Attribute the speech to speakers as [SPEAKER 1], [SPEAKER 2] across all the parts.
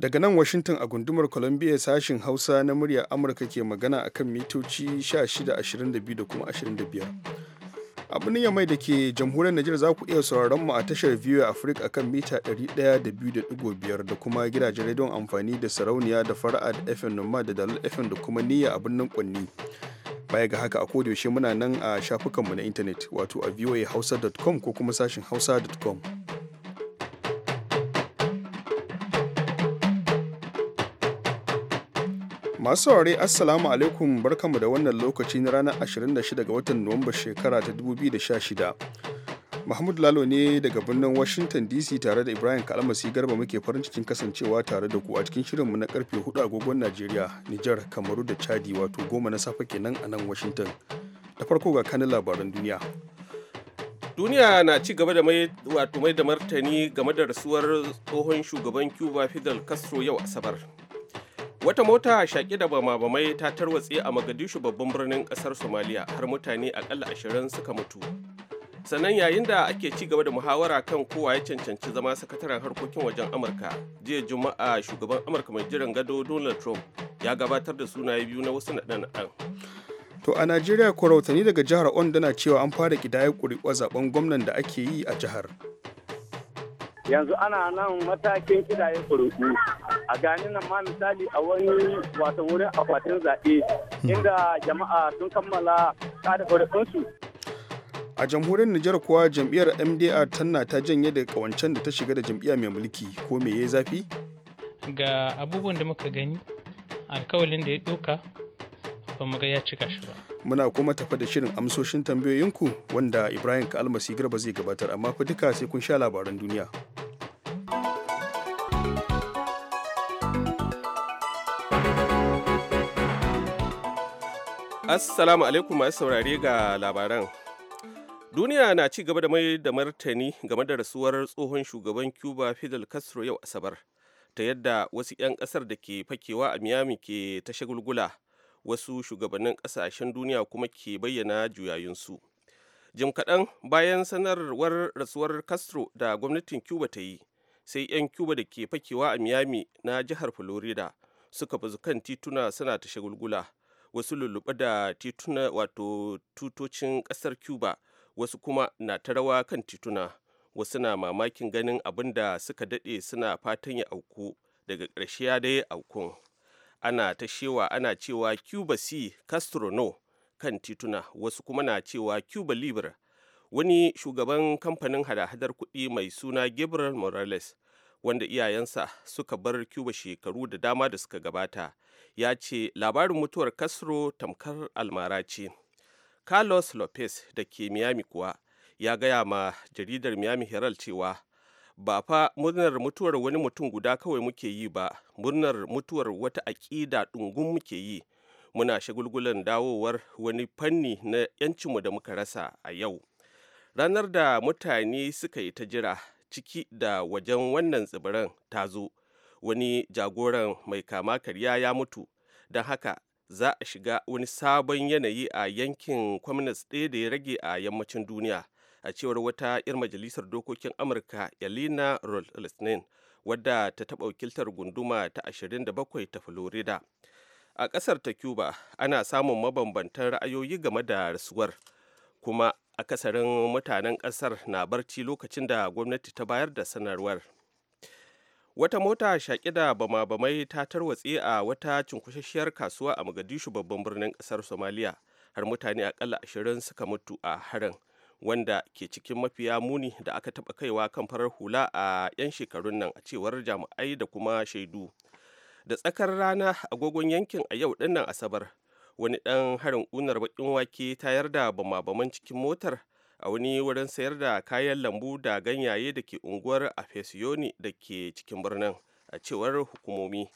[SPEAKER 1] Daga nan Washington a gundumar Columbia sashin Hausa na muryar Amurka ke magana a kan mitoci 16, da kuma 25. Yamai da ke jamhuriyar Najeriya za ku iya sauraron mu a tashar VOA Africa kan mita 102.5 da kuma gidajen rediyon amfani da sarauniya da fara'a da FM Noma da Dalil FM da kuma niyya a birnin Kwanni. baya ga haka a yaushe muna nan a shafukanmu na intanet wato a voahausa.com ko kuma sashin hausa.com masu saurare assalamu alaikum barkanmu da wannan lokaci na ranar 26 ga watan nuwamba shekara ta 2016 Mahmud Lalo ne daga birnin Washington DC tare da Ibrahim Kalmasi Garba muke farin cikin kasancewa tare da ku a cikin shirinmu na karfe 4 agogon Najeriya, Nijar, Kamaru da Chadi wato goma na safe kenan a nan Washington. Da farko ga kanin labaran duniya.
[SPEAKER 2] Duniya na ci gaba da mai wato mai da martani game da rasuwar tsohon shugaban Cuba Fidel Castro yau Asabar. Wata mota shaƙi da bama-bamai ta tarwatse a Magadishu babban birnin ƙasar Somalia har mutane akalla ashirin suka mutu. sannan yayin da ake ci gaba da muhawara kan kowa ya cancanci zama sakataren harkokin wajen amurka jiya juma'a shugaban amurka mai jiran gado donald trump ya gabatar da sunaye biyu na wasu naɗe-naɗen
[SPEAKER 1] to a najeriya ko rautani daga jihar ondo na cewa an fara kidayar ƙuri'uwar zaben gwamnan da ake yi a jihar
[SPEAKER 3] yanzu ana nan matakin kidaye ƙuri'u, a gani nan ma misali a wani wato wurin akwatin zaɓe hmm. inda jama'a sun kammala kada kuri'unsu
[SPEAKER 1] a jamhuriyar Nijar kuwa jam'iyyar MDR tana ta janye da kawancen da ta shiga da jam'iyya mai mulki ko me ya zafi?
[SPEAKER 4] Ga abubuwan da muka gani alkawalin da ya ɗauka ba mu ga ya cika shi ba.
[SPEAKER 1] Muna kuma tafa da shirin amsoshin tambayoyinku wanda Ibrahim Kalmasi Garba zai gabatar amma fa duka sai kun sha labaran duniya.
[SPEAKER 2] Assalamu alaikum masu saurare ga labaran. duniya na ci gaba da mai da martani game da rasuwar tsohon shugaban cuba fidel castro yau asabar ta yadda wasu 'yan kasar da ke fakewa a miami ke ta shagulgula wasu shugabannin kasashen duniya kuma ke bayyana juyayunsu jim kaɗan bayan sanarwar rasuwar castro da gwamnatin cuba ta yi sai 'yan cuba da ke fakewa a miami na jihar florida suka bazu kan tituna suna ta shagulgula wasu lulluɓe da tituna wato tutocin ƙasar cuba wasu kuma na ta rawa kan tituna wasu na mamakin ganin abin da suka daɗe suna fatan ya auku daga ƙarshe ya dai aukun ana ta shewa ana cewa cuba c castro no kan tituna wasu kuma na cewa cuba libre wani shugaban kamfanin hada-hadar kuɗi mai suna gabriel morales wanda iyayensa suka bar cuba shekaru da dama da suka gabata ya ce labarin mutuwar castro tamkar almara ce carlos lopez da ke miami kuwa ya gaya ma jaridar miami herald cewa ba fa murnar mutuwar wani mutum guda kawai muke yi ba murnar mutuwar wata aƙida ɗungun muke yi muna shagulgulan dawowar wani fanni na 'yancinmu da muka rasa a yau ranar da mutane suka yi ta jira ciki da wajen wannan tsibiran ta zo wani jagoran mai kama karya ya mutu don haka za a shiga wani sabon yanayi a yankin communist ɗaya da ya rage a yammacin duniya a cewar wata 'yar majalisar dokokin amurka yalina rolsnin wadda ta taɓa wakiltar gunduma ta 27 ta florida a ƙasar ta cuba ana samun mabambantan ra'ayoyi game da rasuwar kuma akasarin mutanen ƙasar na barci lokacin da gwamnati ta bayar da sanarwar wata mota shaƙi da bama-bamai ta tarwatse a wata cunkushasshiyar kasuwa a Magadishu, babban birnin ƙasar somaliya har mutane akalla ashirin suka mutu a harin wanda ke cikin mafiya muni da aka taɓa kaiwa kan farar hula a 'yan shekarun nan a cewar jami'ai da kuma shaidu da tsakar rana agogon yankin a yau dinnan asabar wani ɗan harin unar baƙin wake tayar da bama-baman cikin motar a wani wurin sayar da kayan lambu da ganyaye da ke unguwar a afesiyoni da ke cikin birnin a cewar hukumomi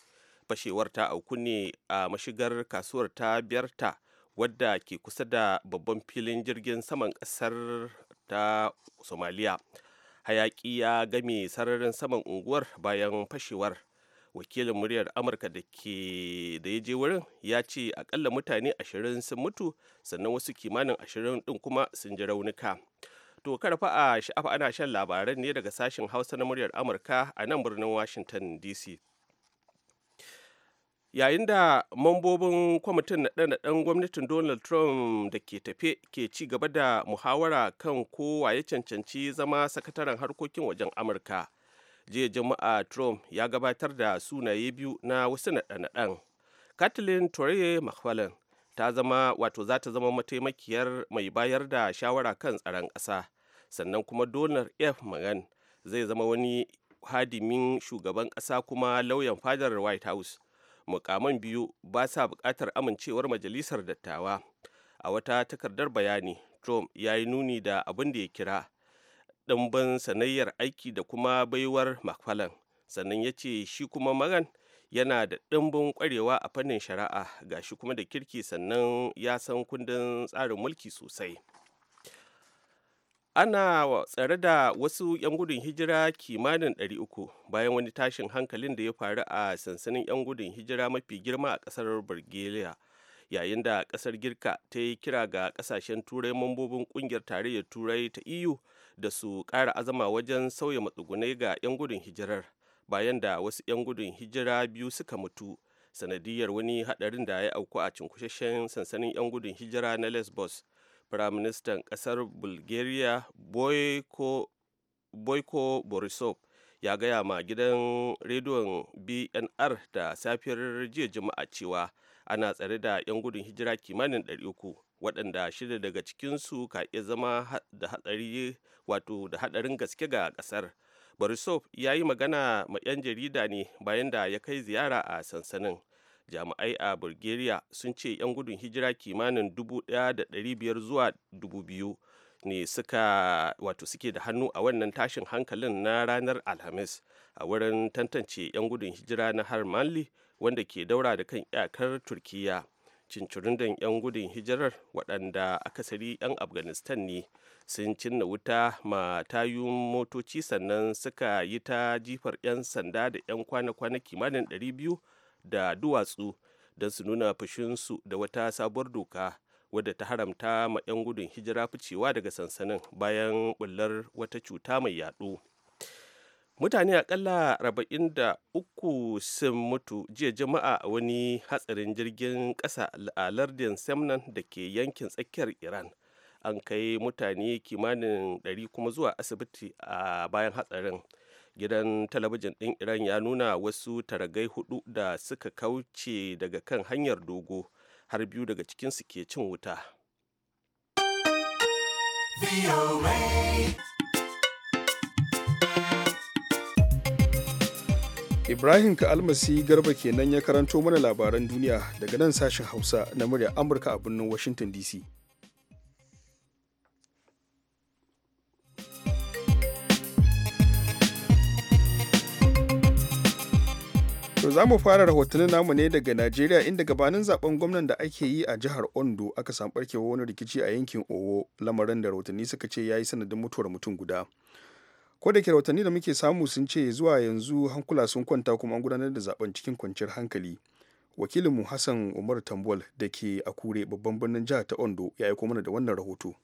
[SPEAKER 2] fashewar ta auku ne a mashigar kasuwar ta ta wadda ke kusa da babban filin jirgin saman kasar ta somaliya hayaki ya game sararin saman unguwar bayan fashewar wakilin muryar amurka da ke da ya je wurin ya ce akalla mutane ashirin sun mutu sannan wasu kimanin ashirin din kuma sun ji raunuka to karfa a sha'afa ana shan labaran ne daga sashen hausa na muryar amurka a nan birnin washington dc yayin da mambobin kwamitin naɗe-naɗen gwamnatin donald trump da ke tafe ke ci gaba da muhawara kan kowa ya cancanci zama sakataren harkokin wajen amurka jiya jama'a trump ya gabatar da sunaye biyu na wasu naɗa naɗen kathleen torre mcfarlane ta zama wato za ta zama mataimakiyar mai bayar da shawara kan tsaron ƙasa sannan kuma donald f magan zai zama wani hadimin shugaban ƙasa kuma lauyan fadar white house mukaman biyu ba sa buƙatar amincewar majalisar dattawa a wata takardar bayani trump ya yi nuni da abin da ya kira ɗimbin sanayyar aiki da kuma baiwar makfalan sannan ya ce shi kuma magan yana da ɗimbin ƙwarewa a fannin shari'a ga shi kuma da kirki sannan ya san kundin tsarin mulki sosai ana tsare da wasu 'yan gudun hijira kimanin 300 bayan wani tashin hankalin da ya faru a sansanin 'yan gudun hijira mafi girma a ƙasar bulgaria yayin da ƙasar girka ta yi kira ga ƙasashen turai mambobin ƙungiyar tarayyar turai ta eu da su ƙara azama wajen sauya matsugunai ga 'yan gudun hijirar bayan da wasu 'yan gudun hijira biyu suka mutu sanadiyar wani hadarin da ya auku a cinkushashen sansanin 'yan gudun hijira na lesbos firaministan ƙasar bulgaria boyko borisov ya gaya ma gidan rediyon bnr da safiyar jiya juma'a cewa ana tsare da 'yan gudun hijira kimanin 300 waɗanda shida daga cikinsu ka iya zama da hatsari wato da hadarin gaske ga ƙasar borisov ya yi magana ma 'yan jarida ne bayan da ya kai ziyara a sansanin jami'ai a bulgaria sun ce 'yan gudun hijira kimanin 1,500 zuwa 2,000 ne suka wato suke da hannu a wannan tashin hankalin na ranar alhamis a wurin tantance 'yan gudun hijira na har wanda ke daura da kan iyakar turkiyya. da 'yan gudun hijirar waɗanda akasari 'yan afghanistan ne sun cinna wuta ma tayun motoci sannan suka yi ta jifar 'yan sanda da 'yan kwana-kwana kimanin 200 da duwatsu don su nuna fushinsu da wata sabuwar doka wadda ta haramta ma 'yan gudun hijira ficewa daga sansanin bayan bullar wata cuta mai yaɗo. mutane akalla arba'in da uku sun mutu jiya jama'a a wani hatsarin jirgin kasa a lardin semnan da ke yankin tsakiyar iran an kai mutane kimanin 100 kuma zuwa asibiti a bayan hatsarin gidan talabijin din iran ya nuna wasu taragai hudu da suka kauce daga kan hanyar dogo har biyu daga cikinsu ke cin wuta.
[SPEAKER 1] Ibrahim almasi Garba kenan ya karanto mana labaran duniya daga nan sashen Hausa na murya Amurka a birnin Washington DC. To za mu fara rahotannin namu ne daga Najeriya inda gabanin zaben gwamnan da ake yi a jihar Ondo aka samu barkewa wani rikici a yankin Owo lamarin da rahotanni suka ce ya yi sanadin mutuwar mutum guda. ko da rahotanni da muke samu sun ce zuwa yanzu hankula sun kwanta kuma an gudanar da zaben cikin kwanciyar hankali wakilinmu hassan umar tambol da ke akure babban birnin jihar ta ondo ya aiko mana da wannan rahoto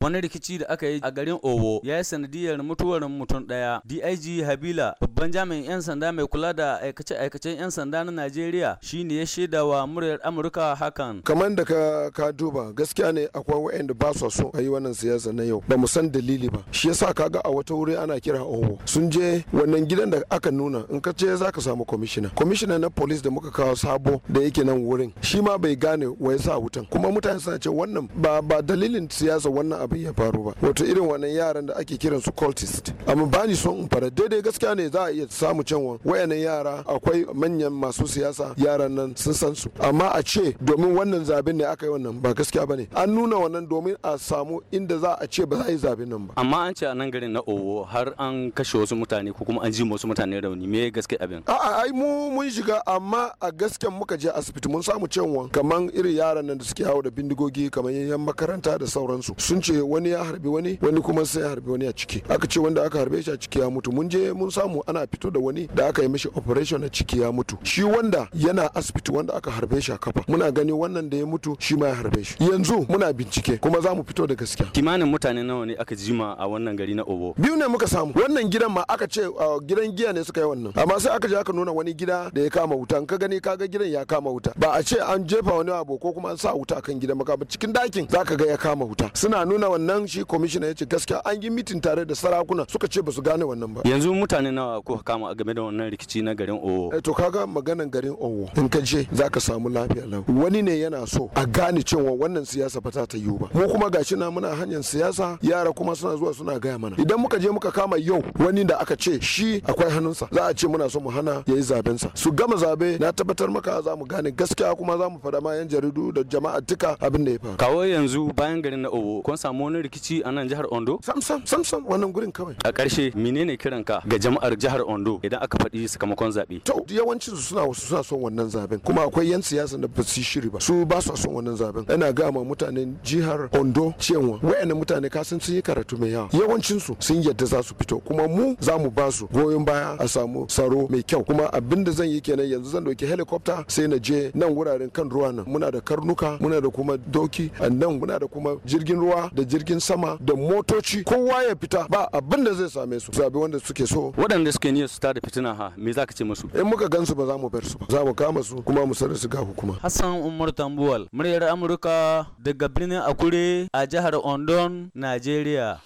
[SPEAKER 5] wani rikici da aka yi a garin owo ya yi sanadiyar mutuwar mutum daya dig habila babban jami'in 'yan sanda mai kula da aikace-aikacen 'yan sanda na najeriya shine ya shaida wa muryar amurka hakan
[SPEAKER 6] kamar da ka, ka duba gaskiya ne akwai wa'anda ba su so a yi wannan siyasa na yau ba mu san dalili ba shi yasa kaga a wata wuri ana kira owo sun je wannan gidan da aka nuna in ka ce za ka samu kwamishina kwamishina na police da muka kawo sabo da yake nan wurin shi ma bai gane wa ya sa wutan kuma mutane suna ce wannan ba dalilin siyasa wannan abu abin ya faru ba wato irin wannan yaran da ake kiran su cultist amma ba ni son fara daidai gaskiya ne za a iya samu can wayannan yara akwai manyan masu siyasa yaran nan sun san su amma a ce domin wannan zaben ne aka yi wannan ba gaskiya ba ne an nuna wannan domin a samu inda za a ce ba za a yi zaben nan ba
[SPEAKER 5] amma an ce a nan garin na owo har an kashe wasu mutane ko kuma an ji wasu mutane rauni me gaskiya abin
[SPEAKER 6] a'a ai mu mun shiga amma a gasken muka je asibiti mun samu canwa kaman irin yaran nan da suke hawo da bindigogi kaman yan makaranta da sauransu sun ce ce wani ya harbi wani wani kuma sai ya harbi wani a ciki aka ce wanda aka harbe shi a ciki ya mutu mun je mun samu ana fito da wani da aka yi mishi operation a ciki ya mutu shi wanda yana asibiti wanda aka harbe shi a kafa muna gani wannan da ya mutu shi ma ya harbe shi yanzu muna bincike kuma za mu fito da gaskiya
[SPEAKER 5] kimanin mutane nawa ne aka jima a wannan gari na obo
[SPEAKER 6] biyu ne muka samu wannan gidan ma aka ce gidan giya ne suka yi wannan amma sai aka je aka nuna wani gida da ya kama wuta ka gani kaga gidan ya kama wuta ba a ce an jefa wani abu ko kuma an sa wuta kan gidan maka ba cikin dakin zaka ga ya kama wuta suna nuna nuna wannan shi commissioner ya ce gaskiya an yi mitin tare da sarakuna suka ce ba su gane wannan ba
[SPEAKER 5] yanzu mutane nawa ko kama game da wannan rikici na garin owo
[SPEAKER 6] eh, to kaga maganan garin owo in ka je zaka samu lafiya lau wani ne yana so a gane cewa wannan siyasa ba ta yiwu ba mu kuma gashi na muna hanyar siyasa yara kuma suna zuwa suna gaya mana idan muka je muka kama yau wani da aka ce shi akwai hannunsa za a ce muna so mu hana yayi zaben sa su gama zabe na tabbatar maka za mu gane gaskiya kuma za mu fada ma yan jaridu da jama'a duka abin da ya faru
[SPEAKER 5] kawo yanzu bayan garin na owo kun samu samu wani rikici a nan jihar Ondo? Sam sam sam sam wannan gurin kawai. A ƙarshe menene kiranka ga jama'ar jihar Ondo idan aka faɗi sakamakon zaɓe?
[SPEAKER 6] To yawancin su suna wasu suna son wannan zaben kuma akwai yan siyasa da ba su shiri ba su ba su son wannan zaben. Ina ga ma mutanen jihar Ondo cewa wayannan mutane ka sun yi karatu mai yawa yawancin su sun yadda za su fito kuma mu za mu ba su goyon baya a samu tsaro mai kyau kuma abin da zan yi kenan yanzu zan dauki helicopter sai na je nan wuraren kan ruwa nan muna da karnuka muna da kuma doki a nan muna da kuma jirgin ruwa da da jirgin sama da motoci kowa ya fita ba abin da zai same su zabi wanda suke so
[SPEAKER 5] waɗanda suke niyyar su da fitina ha me za ka ce musu in
[SPEAKER 6] muka gansu ba za mu bar su ba za mu kama su kuma mu sanar su ga hukuma
[SPEAKER 5] Hassan Umar Tambuwal muryar Amurka daga birnin Akure a jihar Ondon Nigeria.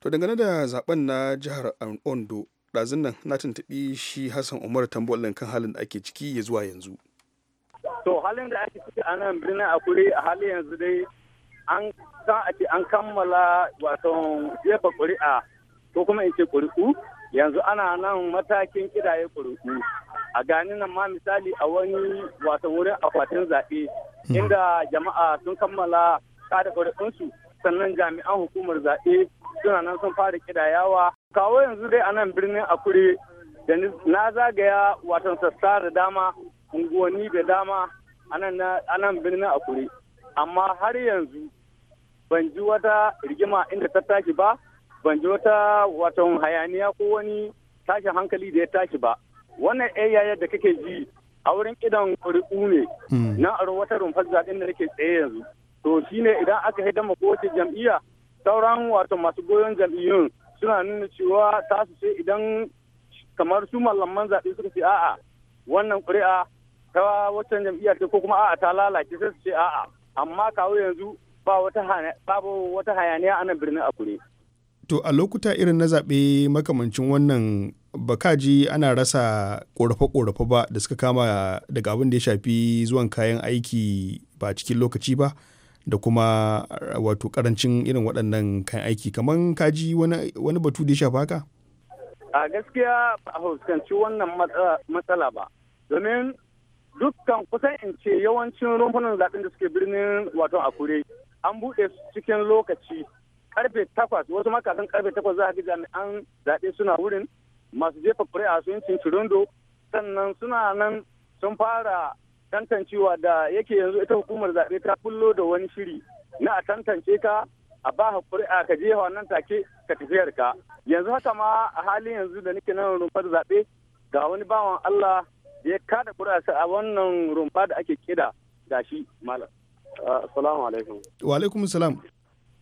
[SPEAKER 5] to dangane da zaben na jihar Ondo
[SPEAKER 1] ɗazun nan na tuntuɓi shi Hassan Umar Tambuwal kan halin da ake ciki ya zuwa yanzu
[SPEAKER 3] to halin da ake ciki a nan birnin Akure a halin yanzu dai an za a ce an kammala wato jefa ƙuri'a ko kuma in ce ƙuri'u yanzu ana nan matakin kidaye ƙuri'u a gani nan ma misali a wani wato wurin akwatin zaɓe hmm. inda jama'a sun kammala kada ƙuri'unsu sannan jami'an hukumar zaɓe suna nan sun fara kidayawa kawo yanzu dai a nan birnin akure da na zagaya wato sassa da dama unguwanni da dama a nan birnin akure amma har yanzu ban ji wata rigima inda ta tashi ba ban ji wata waton hayaniya ko wani tashin hankali da ya tashi ba wannan yayar da kake ji a wurin idan ƙuri'u ne hmm. na aro wata rumfar zaɓen da nake tsaye yanzu to shine idan aka haida ma kowace jam'iyya sauran wato masu goyon jam'iyyun suna nuna cewa ta su ce idan kamar su mallaman zaɓe suka ce a'a wannan ƙuri'a ta waccan jam'iyya ce ko kuma a'a ta lalace sai su ce a'a amma kawo yanzu babu wata hayaniya a nan birnin Akure.
[SPEAKER 1] To a lokuta irin na zaɓe makamancin wannan bakaji ana rasa ƙorafe-ƙorafe ba da suka kama daga abin da ya shafi zuwan kayan aiki ba cikin lokaci ba da kuma wato ƙarancin irin waɗannan kayan aiki kamar kaji wani batu da ya shafa haka?
[SPEAKER 3] A gaskiya ba a fuskanci wannan matsala ba domin dukkan kusan in ce yawancin rumfunan zaɓen da suke birnin wato akure an buɗe cikin lokaci karfe takwas wasu makasan karfe takwas za a ga jami'an zaɓe suna wurin masu jefa kuri'a sun cincirundo sannan suna nan sun fara tantancewa da yake yanzu ita hukumar zaɓe ta kullo da wani shiri na a tantance ka a ba ka kuri'a ka je nan take ka tafiyar ka yanzu haka ma a halin yanzu da nake nan rumfar zaɓe ga wani bawan Allah da ya kada kurasa a wannan rumfa da ake kira shi. malam assalamu alaikum
[SPEAKER 1] wa alaikum salam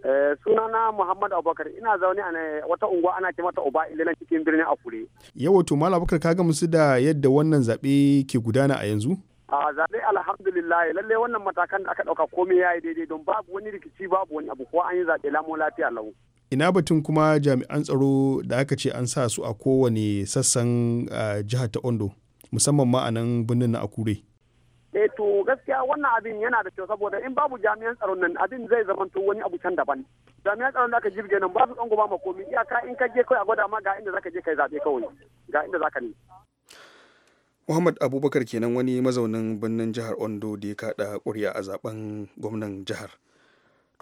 [SPEAKER 3] eh, sunana muhammad abubakar ina zaune a wata unguwa ana ce mata uba nan cikin birnin akure
[SPEAKER 1] Yau to malam abubakar ka ga musu da yadda wannan zaɓe ke gudana a yanzu
[SPEAKER 3] a zaɓe alhamdulillah lallai wannan matakan da aka ɗauka komai ya yi daidai don babu wani rikici babu wani abu ko an yi zaɓe lamun lafiya lau
[SPEAKER 1] ina batun kuma jami'an tsaro da aka ce an sa su a kowane sassan jihar ta ondo musamman ma a nan birnin na akure
[SPEAKER 3] eh to gaskiya wannan abin yana da kyau saboda in babu jami'an tsaron nan abin zai zamanto wani abu can daban jami'an tsaron da aka jirge nan ba su tsango ba makomi iyaka in ka je kai a gwada ma ga inda zaka je kai zabe kawai ga inda zaka ne
[SPEAKER 1] Muhammad Abubakar kenan wani mazaunin birnin jihar Ondo da ya kada ƙuri'a a zaben gwamnan jihar.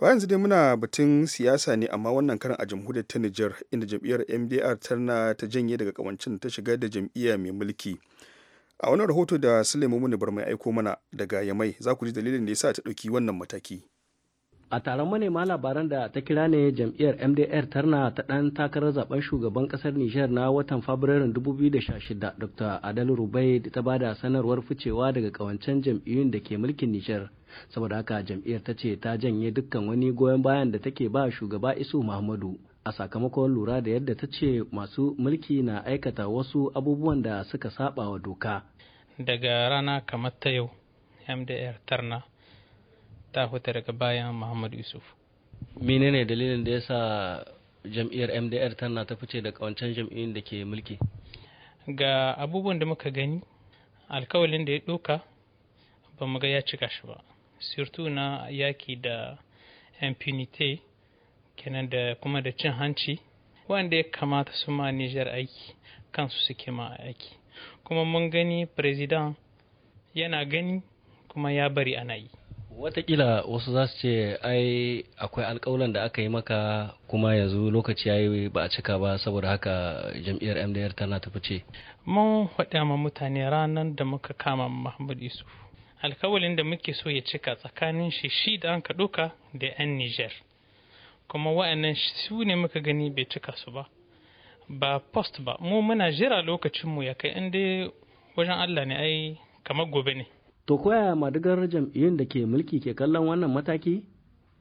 [SPEAKER 1] To yanzu dai muna batun siyasa ne amma wannan karan a jamhuriyar ta Nijar inda jam'iyyar MDR tana ta janye daga kawancin ta shiga da jam'iyya mai mulki. a wani rahoto da sulaimu muni bar mai aiko mana daga yamai za ku ji dalilin da yasa ta ɗauki wannan mataki
[SPEAKER 7] a taron manema labaran da ta kira ne jam'iyyar mdr tarna ta ɗan takarar zaben shugaban ƙasar nijar na watan fabrairun 2016 dr Adalu rubai ta bada sanarwar ficewa daga ƙawancen jam'iyyun da ke mulkin nijar saboda haka jam'iyyar ta ce ta janye dukkan wani goyon bayan da take ba shugaba isu muhammadu a sakamakon lura da yadda ta ce masu mulki na aikata wasu abubuwan da suka saba wa doka.
[SPEAKER 4] Daga rana kamar ta yau, MDR Tarna ta huta daga bayan Muhammad Yusuf.
[SPEAKER 7] Menene dalilin da ya sa jam'iyyar MDR Tarna ta fice daga wancan jam'iyyun da ke mulki? Ga abubuwan da muka gani, alkawalin da ya doka
[SPEAKER 4] ba mu ga ya cika shi ba. sirtu na yaki da impunity kenan da kuma da cin hanci wanda ya kamata su ma Nijar aiki kansu suke ma aiki kuma mun gani president yana gani kuma ya bari ana yi
[SPEAKER 7] watakila wasu za su ce ai akwai alkawalan da aka yi maka kuma yanzu lokaci ya yi ba a cika ba saboda haka jam'iyyar mdr tana ta fice mun faɗa ma mutane ranar da muka kama mahmud Isu.
[SPEAKER 4] alkawalin da muke so ya cika tsakanin shi shi da an ka ɗauka da 'yan niger kuma wa'annan su ne muka gani bai cika su ba ba post ba mu muna jira lokacinmu ya kai inda wajen allah ne ai kamar gobe ne
[SPEAKER 7] to koya madigar jam'iyyun da ke mulki ke kallon wannan mataki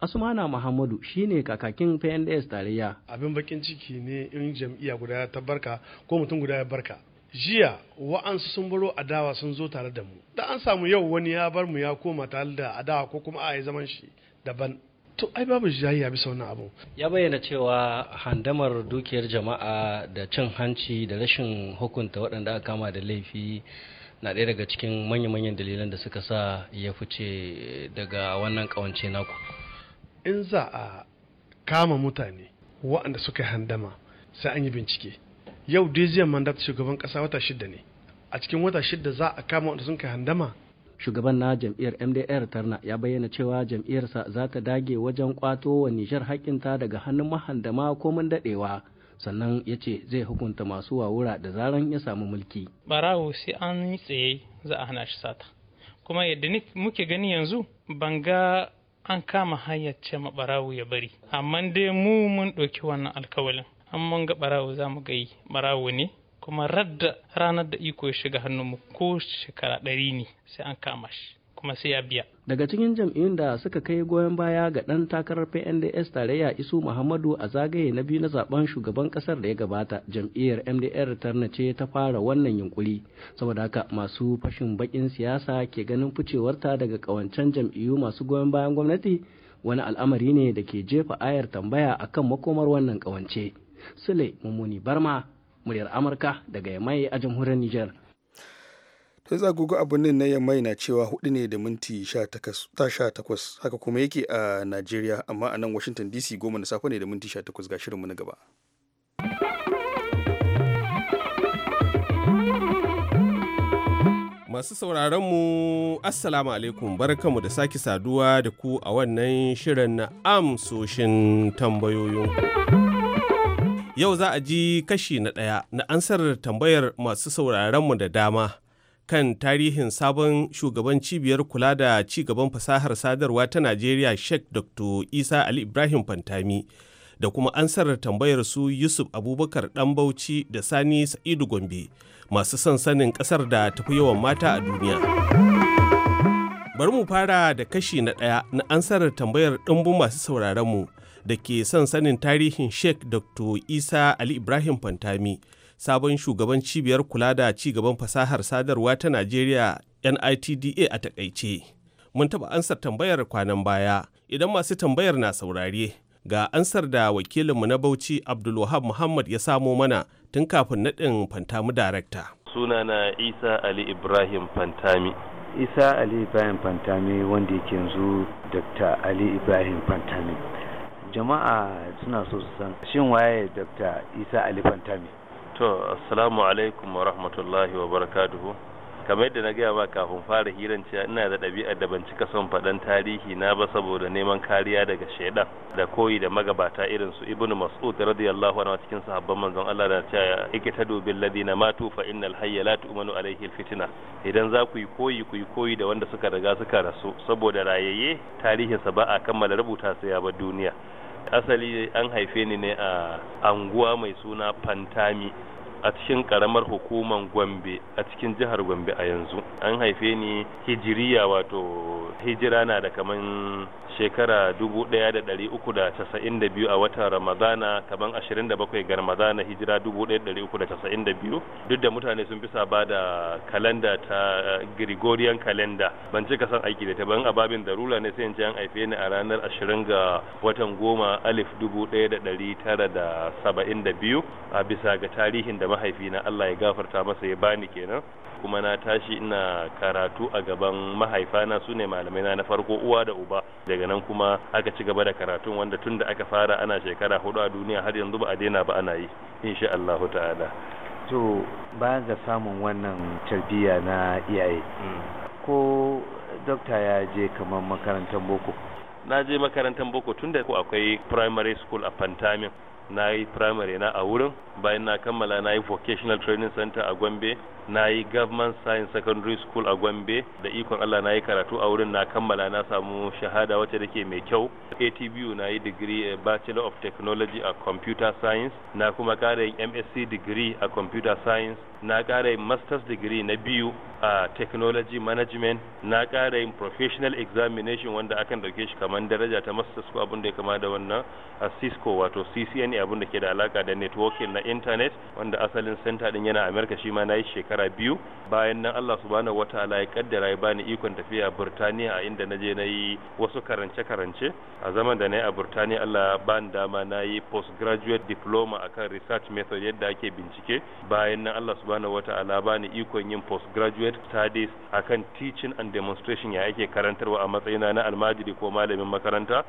[SPEAKER 7] asumana muhammadu shine kakakin pnds tarayya
[SPEAKER 3] abin bakin ciki ne in jam'iyya guda ta barka ko mutum guda ya barka jiya wa'ansu sun baro adawa sun zo tare da mu da an samu yau wani ya bar mu ya koma tare da adawa ko kuma a yi zaman shi daban to ai babu jayayya bisa wannan abu
[SPEAKER 7] ya bayyana cewa handamar dukiyar jama'a da cin hanci da rashin hukunta waɗanda aka kama da laifi na ɗaya daga cikin manya-manyan dalilan da suka sa ya fice daga wannan ƙawance naku in za a
[SPEAKER 3] kama mutane waɗanda suka handama sai an yi bincike yau dai zai mandata shugaban ƙasa wata shida ne a cikin wata shida za a kama waɗanda suka handama
[SPEAKER 7] shugaban na jam'iyyar mdr tarna ya bayyana cewa jam'iyyarsa za ta dage wajen kwato wa nijar hakinta daga hannun mahandama komin daɗewa sannan ya ce zai hukunta masu wawura da zaran ya samu mulki
[SPEAKER 4] barawo sai an yi tsaye za a hana shi sata kuma yadda muke gani yanzu ban ga an kama hanyar ce ma barawo ya bari amma dai mu mun ɗauki wannan alkawalin an mun ga barawo za mu yi barawo ne kuma radda ranar da iko ya shiga hannunmu ko shekara ɗari ne sai an kama shi kuma sai ya biya.
[SPEAKER 7] Daga cikin jam'iyyun da suka kai goyon baya ga ɗan takarar PNDS tarayya Isu Muhammadu a zagaye na biyu na zaben shugaban ƙasar da ya gabata, jam'iyyar MDR Tarna ce ta fara wannan yunkuri. Saboda haka masu fashin baƙin siyasa ke ganin ficewarta daga ƙawancen jam'iyyu masu goyon bayan gwamnati wani al'amari ne da ke jefa ayar tambaya akan makomar wannan ƙawance. Sule Mummuni Barma muryar amurka daga yamai a jamhuriyar niger
[SPEAKER 1] sai zagogo abin na yamai na cewa hudu ne da minti sha takwas haka kuma yake a najeriya amma a nan washington dc goma na safe ne da minti sha takwas ga shirinmu na gaba
[SPEAKER 2] masu sauraron mu assalamu alaikum barkanmu da sake saduwa da ku a wannan shirin na amsoshin tambayoyinku. Yau za a ji kashi na ɗaya na ansar tambayar masu sauraronmu da dama kan tarihin sabon shugaban cibiyar kula da ci gaban fasahar sadarwa ta Najeriya Sheikh Dr. Isa Ali Ibrahim Fantami da kuma ansar tambayar su Yusuf Abubakar ɗan Bauchi da Sani Sa'idu Gombe masu son sanin ƙasar da tafi yawan mata a duniya. bari mu fara da kashi na ɗaya na ansar tambayar ɗumbun masu sauraronmu da ke son sanin tarihin Sheikh Dr. Isa Ali Ibrahim Fantami, sabon shugaban cibiyar kula da cigaban fasahar sadarwa ta Najeriya NITDA a takaice. Mun taɓa ansar tambayar kwanan baya, idan masu tambayar na saurare, ga ansar da wakilinmu na Bauchi Abdulwahab Muhammad ya samo mana tun kafin naɗin Fantami Darakta.
[SPEAKER 8] Sunana Isa Ali Ibrahim Fantami. Isa Ali
[SPEAKER 9] Ibrahim Fantami wanda yake yanzu Dr. Ali Ibrahim Fantami. jama'a suna so su san shin waye dr isa alifantami to
[SPEAKER 8] assalamu alaikum wa rahmatullahi wa barakatuhu kamar yadda na gaya ba kafin fara hiran cewa ina da ɗabi'ar da ban cika son faɗan tarihi na ba saboda neman kariya daga shaidan da koyi da magabata irin su ibnu mas'ud radiyallahu anhu cikin sahabban manzon Allah da cewa ikitadu bil ladina matu fa innal hayya la tu'manu alaihi al fitna idan za ku yi koyi ku yi koyi da wanda suka riga suka rasu saboda rayayye tarihinsa ba a kammala rubuta sai ya bar duniya asali an haife ni ne a anguwa mai suna fantami a cikin karamar hukumar gombe a cikin jihar gombe a yanzu an haife ni hijiriya wato hijira na da kaman shekara 1392 a watan ramadana kaman 27 ga ramadana hijira 1392 duk da mutane sun fi saba da kalanda ta eh, gregorian kalanda ban cika son aiki da ta ban ababin darula ne sai in ce an haife ni a ranar 20 ga watan goma alif 1972 a bisa ga tarihin da mahaifina Allah ya gafarta masa ya bani kenan kuma na tashi ina karatu a gaban mahaifana su ne malamai na farko uwa da uba daga nan kuma aka ci gaba da karatun wanda tun da aka fara ana shekara hudu a duniya har yanzu ba a daina ba ana yi insha Allahu ta'ala
[SPEAKER 9] to bayan ga samun wannan tarbiyya na iyaye ko dokta ya je kamar makarantar boko
[SPEAKER 8] na je makarantar boko tun da akwai primary school a pantamin na yi primary na a wurin bayan na kammala na yi vocational training center a gombe na yi government science secondary school a gombe da ikon allah na yi karatu a wurin na kammala na samu shahada wacce da ke mai kyau atbu na yi digiri a eh, bachelor of technology a computer science na kuma kara yin msc digiri a computer science na kara masters digiri na biyu a technology management na kara yin professional examination wanda akan dauke shi kamar daraja ta masters ko abin da ya kama da wannan a cisco wato ccna abin da ke da alaka da networking na internet wanda asalin center din yana amerika shi ma na yi shekara shekara biyu bayan nan Allah subhanahu ta'ala ya kaddara ya bani ikon tafiya a Burtaniya a inda naje na yi wasu karance-karance a zaman da na yi a Burtaniya Allah bani dama na yi postgraduate diploma akan research method yadda ake bincike bayan nan Allah subhanahu wataala bani ikon yin postgraduate studies akan teaching and demonstration ya ake karantarwa a matsayina na almajiri ko malamin makaranta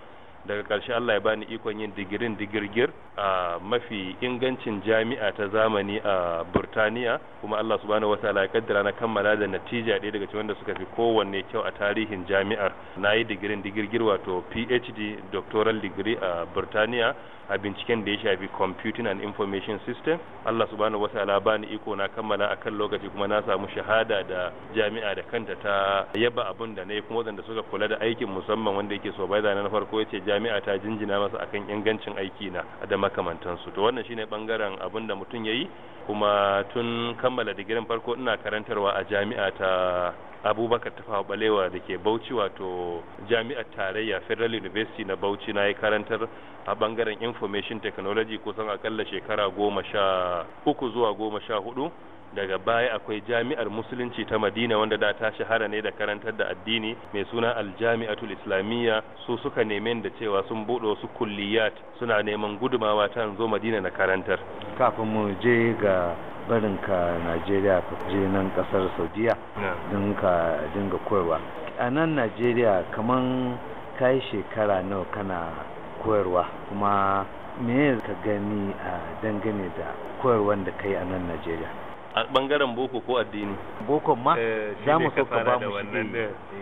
[SPEAKER 8] daga ƙarshe Allah ya bani ikon yin digirin digirgir a mafi ingancin jami'a ta zamani a Burtaniya kuma Allah subhanahu wataala ya kaddara na kammala da natija ɗaya daga cikin wanda suka fi kowanne kyau a tarihin jami'ar na yi digirin digirgir wato PhD doctoral degree a Burtaniya a binciken da ya shafi computing and information system Allah subhanahu wataala bani iko na kammala a kan lokaci kuma na samu shahada da jami'a da kanta ta yaba abin da nayi kuma wadanda suka kula da aikin musamman wanda yake so bai na farko ya ce jami'a ta jinjina masa akan ingancin aiki na da makamantansu to wannan shine bangaren abin da mutum ya yi kuma tun kammala digirin farko ina karantarwa a jami'a ta abubakar tafa balewa da ke bauchi wato jami'ar tarayya federal university na bauchi na yi karantar a bangaren information technology kusan akalla shekara goma sha uku zuwa goma sha hudu daga baya akwai jami'ar musulunci ta madina wanda da ta shahara ne da karantar da addini mai suna aljami'atul islamiyya su suka neme da cewa sun bude wasu kulliyat suna neman gudumawa ta zo madina na karantar
[SPEAKER 9] kafin mu je ga barinka najeriya ka je nan kasar saudiya don ka dinga koyarwa a nan najeriya kaman kai shekara nawa kana koyarwa kuma me ka gani a dangane da koyarwan da kai a nan najeriya
[SPEAKER 8] a bangaren boko ko addini
[SPEAKER 9] boko ma eh, za mu so ka ba mu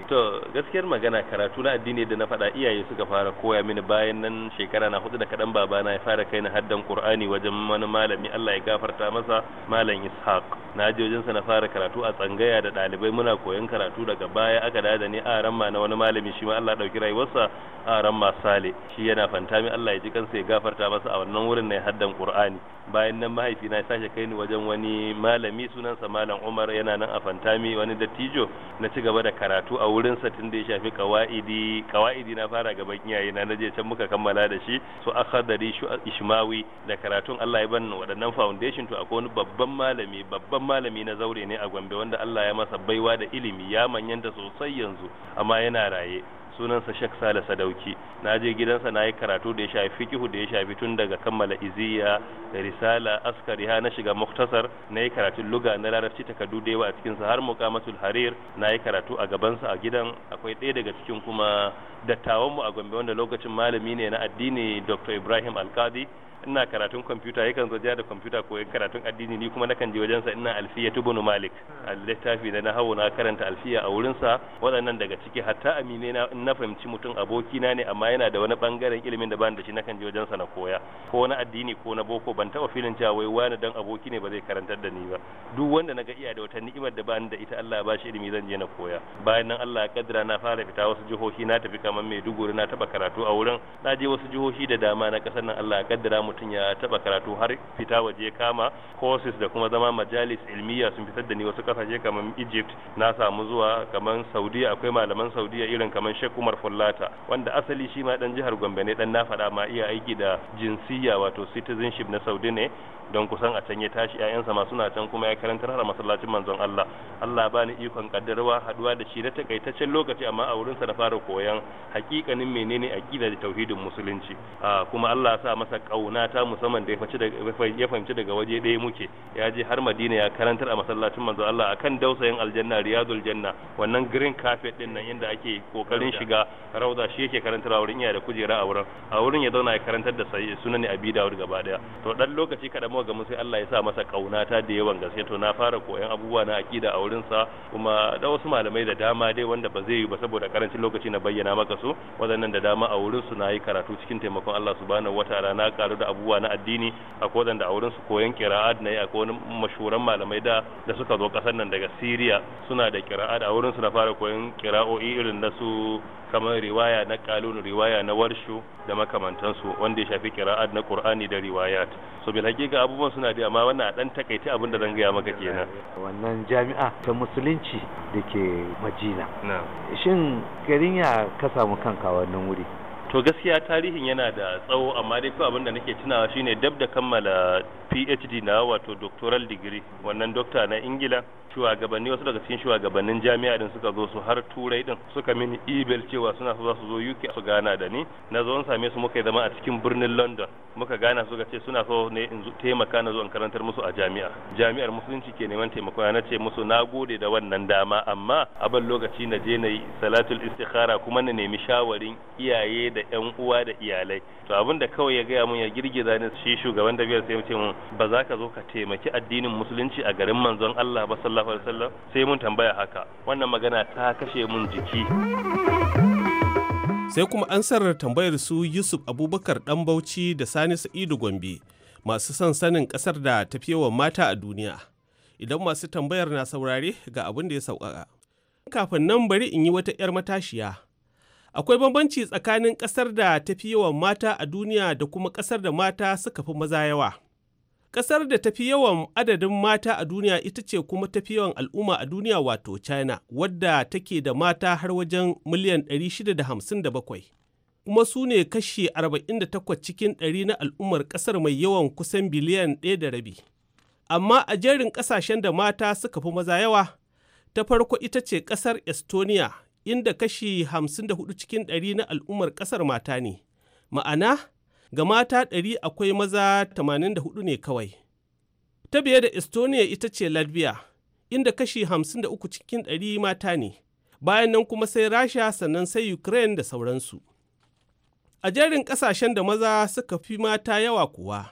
[SPEAKER 8] to gaskiyar magana karatu na addini da na faɗa iyaye suka fara koya mini bayan nan shekara na hudu da kaɗan babana ya fara kaina haddan qur'ani wajen wani malami Allah ya gafarta masa malam ishaq na je wajen sa na fara karatu a tsangaya da ɗalibai muna koyon karatu daga baya aka dada ni a ramma na wani malami shi ma Allah ɗauki rayuwarsa a ramma sale shi yana fanta mi Allah ya ji kansa ya gafarta masa a wannan wurin ne haddan qur'ani bayan nan mahaifina ya sake kaini wajen wani malami malami sunansa malam umar yana nan a fantami wani dattijo na ci gaba da karatu a wurin sa tun da ya shafi kawaidi kawaidi na fara gaban iyaye na naje can muka kammala da shi su akhadari shu ismawi da karatun Allah ya bani waɗannan foundation to akwai wani babban malami babban malami na zaure ne a Gombe wanda Allah ya masa baiwa da ilimi ya manyanta sosai yanzu amma yana raye sunansa Sheikh Sale Sadauki na je gidansa na yi karatu da ya shafi fikihu da ya shafi tun daga kammala iziya da risala askari ha na shiga muktasar na yi karatun luga na larabci takardu da yawa a cikinsa har muqamatul harir na yi karatu a gabansa a gidan akwai ɗaya daga cikin kuma dattawanmu a Gombe wanda lokacin malami ne na addini Dr. Ibrahim Alkadi ina karatun kwamfuta yakan zo ja da kwamfuta ko karatun addini ni kuma nakan je wajensa ina alfiya tubunu malik a littafi da na hawo na karanta alfiya a wurinsa waɗannan daga ciki hatta amine na na fahimci mutum abokina ne amma yana da wani bangaren ilimin da ban da shi nakan je wajensa na koya ko na addini ko na boko ban taɓa filin cewa wai wani dan aboki ne ba zai karantar da ni ba duk wanda naga iya da wata ni'imar da ban da ita Allah ya bashi ilimi zan je na koya bayan nan Allah ya kaddara na fara fita wasu jihohi na tafi kamar Maiduguri na taɓa karatu a wurin na je wasu jihohi da dama na ƙasar nan Allah ya kaddara mu mutum ya taba karatu har fita waje kama courses da kuma zama majalis ilmiya sun fitar da ni wasu kasashe kamar Egypt na samu zuwa kamar Saudiya akwai malaman Saudiya irin kamar Sheikh Umar Fullata wanda asali shi ma dan jihar Gombe ne dan na faɗa ma iya aiki da jinsiya wato citizenship na Saudi ne don kusan a can ya tashi ƴaƴansa ma suna can kuma ya karantar har masallacin manzon Allah Allah ba ni ikon kaddarwa haduwa da shi na takaitaccen lokaci amma a wurinsa na fara koyan hakikanin menene aqida da tauhidin musulunci ah, kuma Allah sa masa kauna na ta musamman da ya fahimci daga waje ɗaya muke ya je har madina ya karantar a masallacin manzo Allah akan dausayin aljanna riyadul janna wannan green carpet din nan inda ake kokarin shiga rauda shi yake karantar a wurin iya da kujera a wurin a wurin ya zauna ya karantar da sunan abi dawud gaba daya to dan lokaci kada mu ga mu sai Allah ya sa masa kaunata da yawan gaske to na fara koyan abubuwa na akida a wurin sa kuma da wasu malamai da dama dai wanda ba zai yi ba saboda karancin lokaci na bayyana maka su wadannan da dama a wurin su na yi karatu cikin taimakon Allah subhanahu wataala na karu da abubuwa na addini a akwai da a wurin su koyan kira'at yi a wani mashuran malamai da da suka zo kasar nan daga siriya suna da kira'at a wurin su na fara koyan kira'o'i irin na su kamar riwaya na kalun riwaya na warshu da makamantansu wanda ya shafi kira'at na Qur'ani da riwayat so bil hakika abubuwan suna da amma wannan a dan takaice abin da zan gaya maka kenan
[SPEAKER 9] wannan jami'a ta musulunci da ke Madina shin garin ya ka samu kanka wannan wuri
[SPEAKER 8] to gaskiya tarihin yana da tsawo amma dai ko abin da nake tunawa shine dab da kammala PhD na wato doctoral degree wannan Doctor na Ingila shugabanni wasu daga cikin shugabannin jami'a din suka zo su har turai din suka mini email cewa suna so za su zo UK su gana da ni na zo same su muka zama a cikin birnin London muka gana suka ce suna so ne in taimaka na zo in karantar musu a jami'a jami'ar musulunci ke neman taimako na ce musu na gode da wannan dama amma a ban lokaci na je na yi salatul istikhara kuma na nemi shawarin iyaye da yan uwa da iyalai to abin da kawai ya gaya mun ya girgiza ni shi shugaban da biyar sai mu ce mun ba za ka zo ka taimaki addinin musulunci a garin manzon Allah ba sallallahu alaihi wasallam sai mun tambaya haka wannan magana ta kashe mun jiki
[SPEAKER 2] sai kuma an sarar tambayar su Yusuf Abubakar dan Bauchi da Sani Sa'idu Gombe masu son sanin kasar da tafiyewar yawan mata a duniya idan masu tambayar na saurare ga abin da ya sauƙaƙa kafin nan bari in yi wata 'yar matashiya Akwai bambanci tsakanin ƙasar da ta fi yawan mata a duniya da kuma ƙasar da mata suka fi maza yawa. Ƙasar da ta fi yawan adadin mata a duniya ita ce kuma ta fi yawan al'umma a duniya wato China, wadda take da mata har wajen miliyan 657. kuma su ne kashi 48 cikin ɗari na al'ummar ƙasar mai yawan kusan biliyan 1.5. Amma a jerin ƙasashen da mata suka fi maza yawa, ta farko ita ce ƙasar Estonia inda kashi 54 cikin ɗari na al'ummar ƙasar mata ne. Ma'ana, ga mata ɗari akwai maza 84 ne kawai. Ta biye da Estonia ita ce Latvia, inda kashi 53 cikin ɗari mata ne. Bayan nan kuma sai Rasha sannan sai Ukraine da sauransu. A jerin ƙasashen da maza suka fi mata yawa kuwa,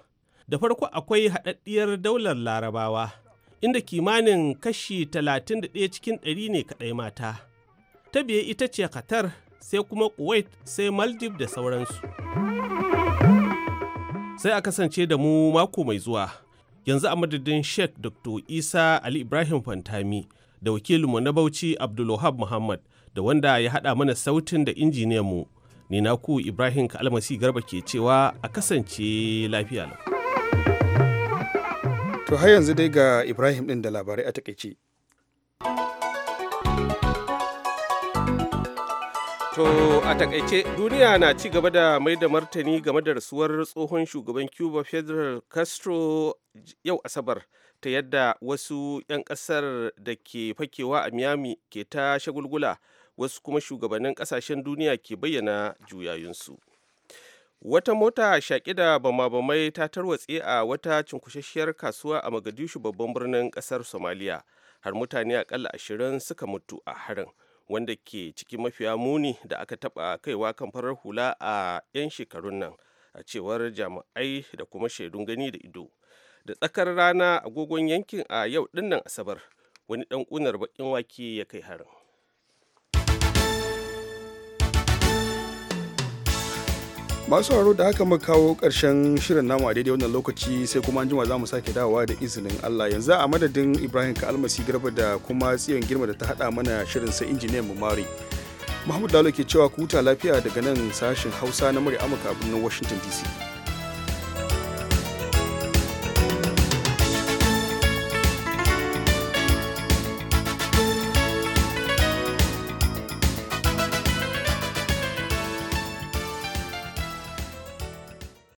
[SPEAKER 2] da farko akwai haɗaɗɗiyar daular Larabawa, inda kimanin kashi 31 cikin ɗari ne kaɗai mata. ta biye ita ce qatar sai kuma kuwait sai maldives da sauransu sai a kasance da mu mako mai zuwa yanzu a madadin sheikh dr isa ali ibrahim fantami da wakilinmu na bauchi abdulwahab muhammad da wanda ya haɗa mana sautin da injiniyanmu ni ku ibrahim kalmasi garba ke cewa a kasance lafiya to har yanzu dai ga ibrahim
[SPEAKER 1] ɗin da labarai a takaice.
[SPEAKER 2] To a takaice duniya na ci gaba da mai da martani game da rasuwar tsohon shugaban Cuba federal Castro yau Asabar ta yadda wasu 'yan kasar da ke fakewa a Miami ke ta shagulgula wasu kuma shugabannin kasashen duniya ke bayyana juyayunsu. Wata mota shaƙi da bama-bamai ta tarwatse a wata cunkushasshiyar kasuwa a Magadishu babban birnin ƙasar Somaliya har mutane akalla ashirin suka mutu a harin. wanda ke cikin mafiya muni da aka taɓa kaiwa kan farar hula a 'yan shekarun nan a cewar jami'ai da kuma shaidun gani da ido da tsakar rana agogon yankin a yau dinnan asabar wani ɗan ƙunar baƙin wake ya kai harin
[SPEAKER 1] masu sauraro da haka muka kawo karshen shirin nama a daidai wannan lokaci sai kuma an jima za mu sake dawowa da izinin Allah yanzu a madadin Ibrahim ka almasi garba da kuma tsiyon girma da ta hada mana shirin sai injiniyan mu Mari Muhammad Dalo ke cewa ku huta lafiya daga nan sashin Hausa na murya Amurka a birnin Washington DC